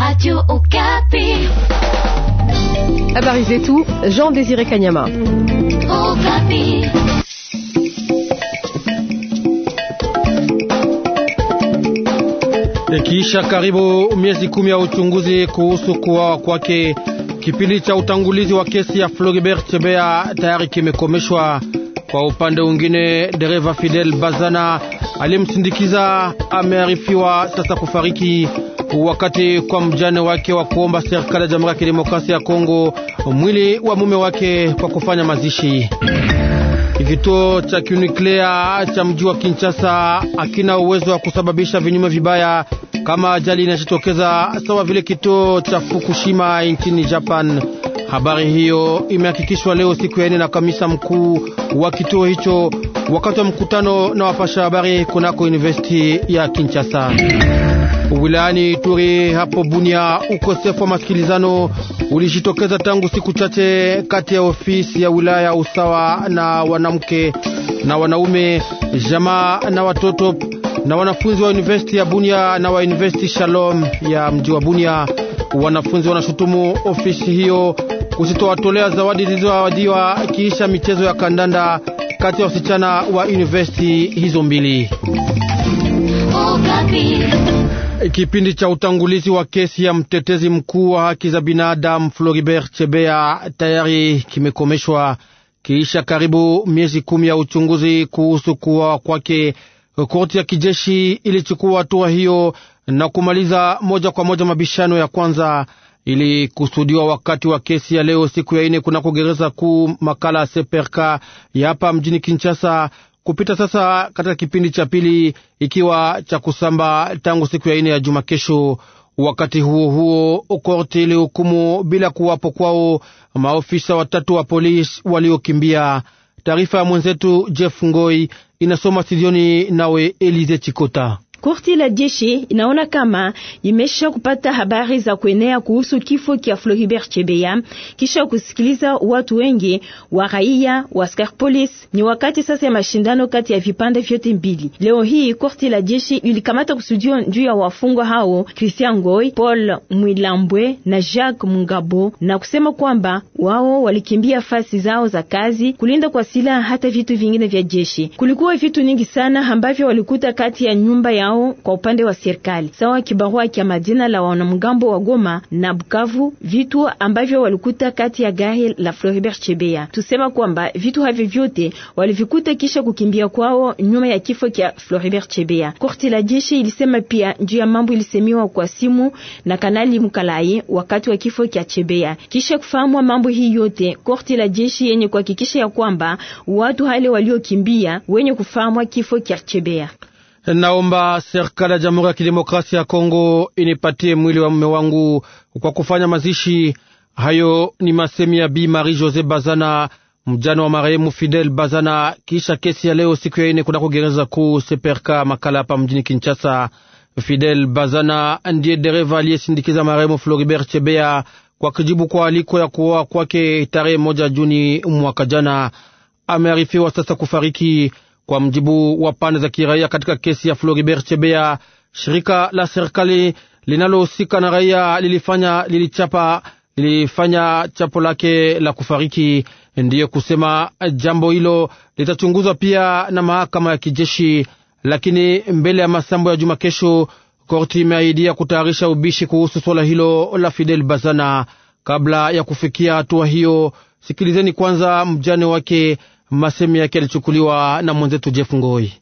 Radio Okapi. Habari zetu Jean Désiré Kanyama. Okapi. Ikiisha karibu miezi kumi ya uchunguzi kuhusu kuwawa kwake, kipindi cha utangulizi wa kesi ya Floribert chebea tayari kimekomeshwa. Kwa upande mwingine, dereva Fidel Bazana alimsindikiza amearifiwa sasa kufariki wakati kwa mjane wake wa kuomba serikali ya Jamhuri ya Kidemokrasia ya Kongo mwili wa mume wake kwa kufanya mazishi. Kituo cha kinuklea cha mji wa Kinshasa hakina uwezo wa kusababisha vinyume vibaya kama ajali inajitokeza sawa vile kituo cha Fukushima nchini Japan. Habari hiyo imehakikishwa leo siku ya nne na kamisa mkuu wa kituo hicho wakati wa mkutano na wapasha habari kunako University ya Kinshasa. Wilayani Ituri hapo Bunia, ukosefu wa masikilizano ulijitokeza tangu siku chache kati ya ofisi ya wilaya usawa na wanamke na wanaume, jamaa na watoto na wanafunzi wa university ya Bunia na wa university Shalom ya mji wa Bunia. Wanafunzi wanashutumu ofisi hiyo kusitowatolea zawadi zilizoahidiwa kiisha michezo ya kandanda kati ya wasichana wa university hizo mbili. Oh, Kipindi cha utangulizi wa kesi ya mtetezi mkuu wa haki za binadamu Floribert Chebea tayari kimekomeshwa kiisha karibu miezi kumi ya uchunguzi kuhusu kuwawa kwake. Korti ya kijeshi ilichukua hatua hiyo na kumaliza moja kwa moja mabishano ya kwanza ilikusudiwa wakati wa kesi ya leo siku ya ine kunako gereza kuu makala seperka ya hapa mjini Kinshasa kupita sasa katika kipindi cha pili, ikiwa cha kusamba tangu siku ya ine ya juma kesho. Wakati huo huo, korti ilihukumu bila kuwapo kwao maofisa watatu wa polisi waliokimbia. Taarifa ya mwenzetu Jeff Ngoi inasoma studioni, nawe Elize Chikota. Korti la jeshi inaona kama imesha kupata habari za kuenea kuhusu kifo kia Floribert Chebeya kisha kusikiliza watu wengi wa raia wa askari polisi. Ni wakati sasa ya mashindano kati ya vipande vyote mbili. Leo hii korti la jeshi ilikamata kusudio juu ya wafungwa hao Christian Ngoi, Paul Mwilambwe na Jacques Mungabo na kusema kwamba wao walikimbia fasi zao za kazi kulinda kwa silaha hata vitu vingine vya jeshi. Kulikuwa vitu nyingi sana ambavyo walikuta kati ya nyumba ya nao kwa upande wa serikali sawa kibarua cha majina la wanamgambo wa Goma na Bukavu, vitu ambavyo walikuta kati ya gari la Floribert Chebeya. Tusema kwamba vitu havi vyote walivikuta kisha kukimbia kwao nyuma ya kifo cha Floribert Chebeya. Korti la jeshi ilisema pia juu ya mambo ilisemiwa kwa simu na Kanali Mkalai wakati wa kifo cha Chebeya. Kisha kufahamwa mambo hii yote, korti la jeshi yenye kuhakikisha ya kwamba watu hale waliokimbia wenye kufahamwa kifo cha Chebeya Naomba serikali ya Jamhuri ya Kidemokrasia ya Kongo inipatie mwili wa mume wangu kwa kufanya mazishi. Hayo ni masemi ya Bi Marie Jose Bazana, mjane wa marehemu Fidel Bazana, kisha kesi ya leo siku ya ine kunako gereza kuu Seperka Makala hapa mjini Kinshasa. Fidel Bazana ndiye dereva aliyesindikiza marehemu Floribert Chebea kwa kijibu kwa aliko ya kuoa kwake tarehe moja Juni mwaka jana. Amearifiwa sasa kufariki. Kwa mjibu wa pande za kiraia katika kesi ya Floribert Chebea, shirika la serikali linalohusika na raia lilifanya lilichapa lilifanya chapo lake la kufariki. Ndiyo kusema jambo hilo litachunguzwa pia na mahakama ya kijeshi, lakini mbele ya masambo ya juma kesho, korti imeahidia kutayarisha ubishi kuhusu swala hilo la Fidel Bazana. Kabla ya kufikia hatua hiyo, sikilizeni kwanza mjane wake Masemi yake yalichukuliwa na mwenzetu Jeff Ngoi.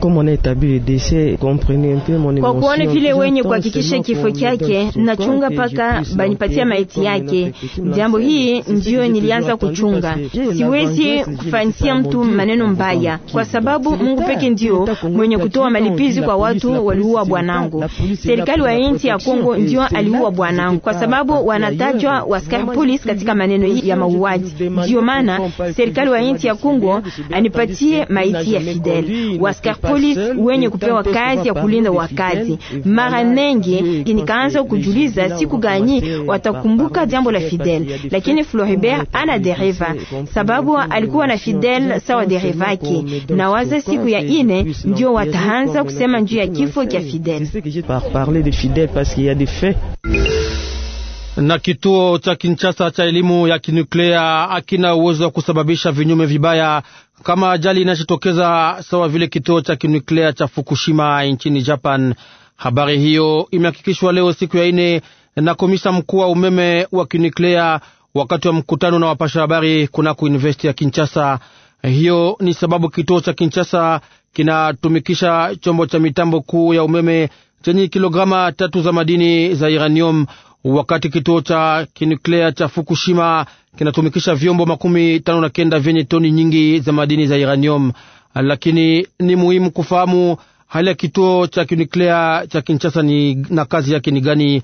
Comme on a établi le décès, comprenez un peu mon émotion. kwa kuona vile wenye kuhakikisha kifo chake, nachunga paka banipatia maiti yake. Jambo hii ndiyo nilianza kuchunga. Siwezi kufanisia mtu maneno mbaya, kwa sababu Mungu peke ndio mwenye kutoa malipizi kwa watu waliua bwanangu. Serikali wa nchi ya Kongo ndio aliua bwanangu, kwa sababu wanatajwa waskari polisi katika maneno hii ya mauaji. Ndiyo maana serikali wa nchi ya Kongo anipatie maiti ya Fidel waskari polisi wenye kupewa kazi ya kulinda wakazi. Mara mengi nikaanza kujuliza siku gani watakumbuka jambo la Fidel, lakini Floribert ana dereva, sababu alikuwa na Fidel sawa dereva yake. Na waza siku ya ine ndio wataanza kusema njuu ya kifo cha Fidel na kituo cha Kinshasa cha elimu ya kinuklea akina uwezo wa kusababisha vinyume vibaya kama ajali inajitokeza sawa vile kituo cha kinuklea cha Fukushima nchini Japan. Habari hiyo imehakikishwa leo siku ya ine na komisa mkuu wa umeme wa kinuklea wakati wa mkutano na wapasha habari kunako universiti ya Kinshasa. Hiyo ni sababu kituo cha Kinshasa kinatumikisha chombo cha mitambo kuu ya umeme chenye kilograma tatu za madini za uranium, wakati kituo cha kinuklea cha Fukushima kinatumikisha vyombo makumi tano na kenda vyenye toni nyingi za madini za uranium. Lakini ni muhimu kufahamu hali ya kituo cha kinuklea cha Kinshasa ni na kazi yake ni gani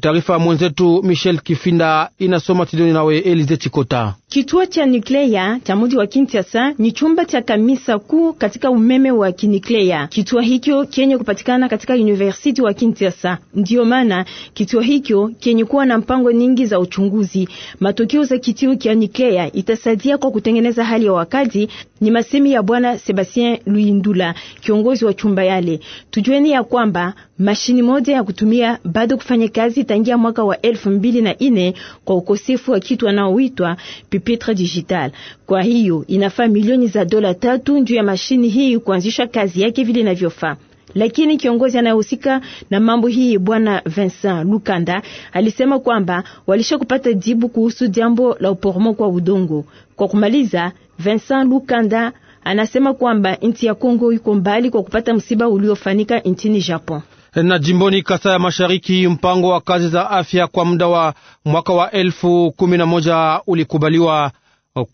Taarifa mwenzetu Michel Kifinda inasoma tidoni nawe Elize Chikota. Kituo cha nuklea cha muji wa Kinshasa ni chumba cha kamisa kuu katika umeme wa kinuklea. Kituo hikyo kenye kupatikana katika university wa Kinshasa. Ndio maana kituo hikyo kenye kuwa na mpango nyingi za uchunguzi. Matokeo za kituo cha nuklea itasaidia kwa kutengeneza hali ya wakati, ni masemi ya bwana Sebastien Luindula, kiongozi wa chumba yale. Tujueni ya kwamba mashini moja ya kutumia bado kufanya kazi kazi tangia mwaka wa elfu mbili na ine kwa ukosefu wa kitu anaoitwa pipetre digital. Kwa hiyo inafaa milioni za dola tatu juu ya mashini hii kuanzisha kazi yake vile inavyofaa lakini kiongozi anayehusika na mambo hii Bwana Vincent Lukanda alisema kwamba walisha kupata jibu kuhusu jambo la uporomoko wa udongo. Kwa kumaliza, Vincent Lukanda anasema kwamba nchi ya Kongo iko mbali kwa kupata msiba uliofanyika nchini Japon na jimboni kasa ya Mashariki, mpango wa kazi za afya kwa muda wa mwaka wa elfu kumi na moja ulikubaliwa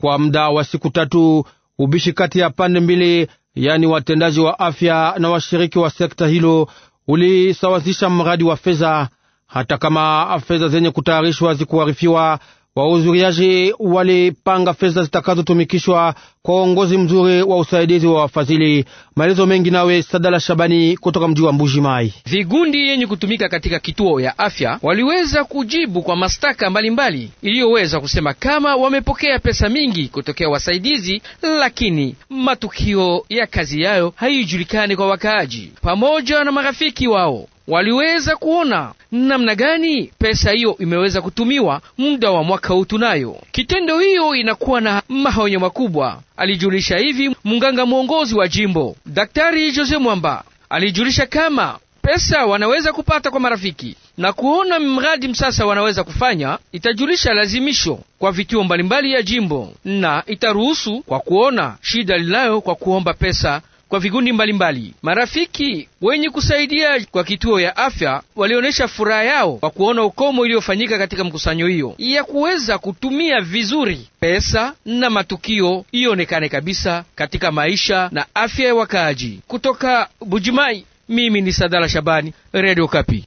kwa muda wa siku tatu. Ubishi kati ya pande mbili, yaani watendaji wa afya na washiriki wa sekta hilo, ulisawazisha mradi wa fedha, hata kama fedha zenye kutayarishwa zikuharifiwa Wauzuriaji walipanga fedha zitakazotumikishwa kwa uongozi mzuri wa usaidizi wa wafadhili. Maelezo mengi nawe Sadala Shabani kutoka mji wa Mbuji Mai. Vigundi yenye kutumika katika kituo ya afya waliweza kujibu kwa mashtaka mbalimbali iliyoweza kusema kama wamepokea pesa mingi kutokea wasaidizi, lakini matukio ya kazi yayo haijulikani kwa wakaaji pamoja na marafiki wao waliweza kuona namna gani pesa hiyo imeweza kutumiwa muda wa mwaka huu tunayo. Kitendo hiyo inakuwa na mahonyo makubwa, alijulisha hivi mganga mwongozi wa jimbo Daktari Jose Mwamba. Alijulisha kama pesa wanaweza kupata kwa marafiki na kuona mradi msasa wanaweza kufanya, itajulisha lazimisho kwa vituo mbalimbali ya jimbo na itaruhusu kwa kuona shida linayo kwa kuomba pesa kwa vikundi mbalimbali. Marafiki wenye kusaidia kwa kituo ya afya walionyesha furaha yao kwa kuona ukomo iliyofanyika katika mkusanyo hiyo ya kuweza kutumia vizuri pesa na matukio ionekane kabisa katika maisha na afya ya wakaaji. Kutoka Bujimai, mimi ni Sadala Shabani, Radio Kapi.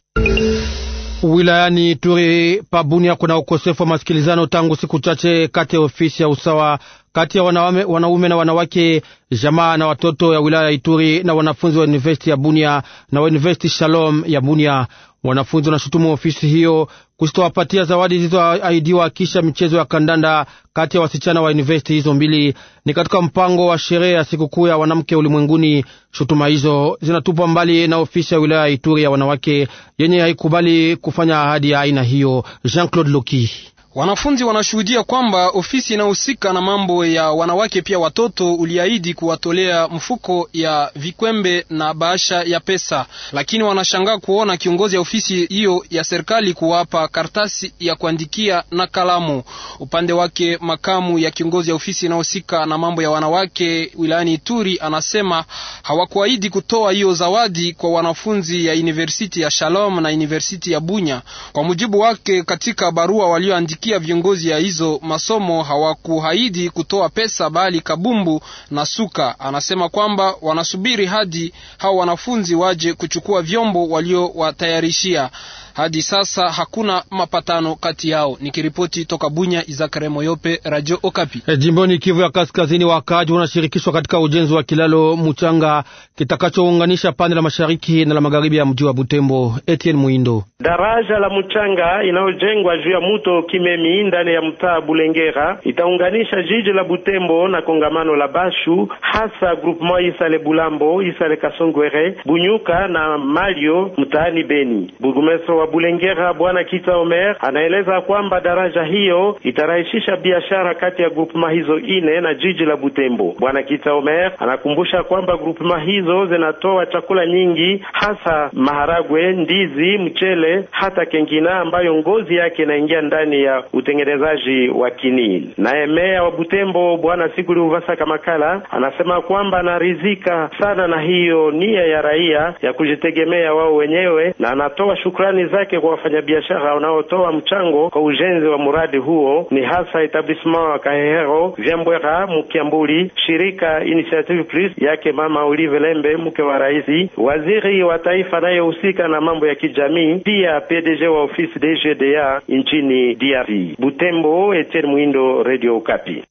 Wilayani Turi pabunia kuna ukosefu wa masikilizano tangu siku chache kati ya ofisi ya usawa kati ya wanaume, wanaume na wanawake, jamaa na watoto ya wilaya ya Ituri na wanafunzi wa university ya Bunia na wa university Shalom ya Bunia. Wanafunzi wanashutumu ofisi hiyo kusitowapatia zawadi zilizoahidiwa kisha michezo ya kandanda kati ya wasichana wa university hizo mbili. Ni katika mpango wa sherehe ya sikukuu ya wanamke ulimwenguni. Shutuma hizo zinatupwa mbali na ofisi ya wilaya ya Ituri ya wanawake yenye haikubali kufanya ahadi ya aina hiyo. Jean Claude Loki Wanafunzi wanashuhudia kwamba ofisi inayohusika na mambo ya wanawake pia watoto uliahidi kuwatolea mfuko ya vikwembe na bahasha ya pesa, lakini wanashangaa kuona kiongozi ya ofisi hiyo ya serikali kuwapa karatasi ya kuandikia na kalamu. Upande wake, makamu ya kiongozi ya ofisi inayohusika na mambo ya wanawake wilayani Ituri anasema hawakuahidi kutoa hiyo zawadi kwa wanafunzi ya university ya Shalom na university ya Bunya. Kwa mujibu wake, katika barua walioandikia kupitia viongozi ya hizo masomo hawakuahidi kutoa pesa bali kabumbu na suka. Anasema kwamba wanasubiri hadi hao wanafunzi waje kuchukua vyombo waliowatayarishia. Hadi sasa hakuna mapatano kati yao. Nikiripoti toka Bunya, Izakare Moyope, Radio Okapi. E, jimboni Kivu ya Kaskazini, wakaaji wanashirikishwa katika ujenzi wa kilalo muchanga kitakachounganisha pande la mashariki na la magharibi ya mji wa Butembo. Etienne Muindo. Daraja la muchanga inayojengwa juu ya muto Kimemi ndani ya mtaa Bulengera itaunganisha jiji la Butembo na kongamano la Bashu, hasa groupement Isale Bulambo, Isale Kasongwere, Bunyuka na Malio mtaani Beni. Burgumestre wa Bulengera Bwana Kita Omer anaeleza kwamba daraja hiyo itarahisisha biashara kati ya grupema hizo ine na jiji la Butembo. Bwana Kita Omer anakumbusha kwamba grupema hizo zinatoa chakula nyingi, hasa maharagwe, ndizi, mchele, hata kengina ambayo ngozi yake inaingia ndani ya utengenezaji wa kinil. Naye meya wa Butembo Bwana Sikuli Mvasa Kamakala anasema kwamba anaridhika sana na hiyo nia ya raia ya kujitegemea wao wenyewe na anatoa shukrani za zake kwa wafanyabiashara wanaotoa mchango kwa ujenzi wa mradi huo ni hasa Etablissement wa Kahehero, Vyambwera, Mukiambuli, shirika Initiative Plus yake Mama Olive Lembe, mke wa rais, waziri wa taifa anayehusika na mambo ya kijamii, pia PDG wa ofisi DGDA nchini DRC. Butembo, Etienne Mwindo, Radio Okapi.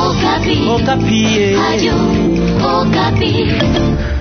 Okapi. Okapi. Eh.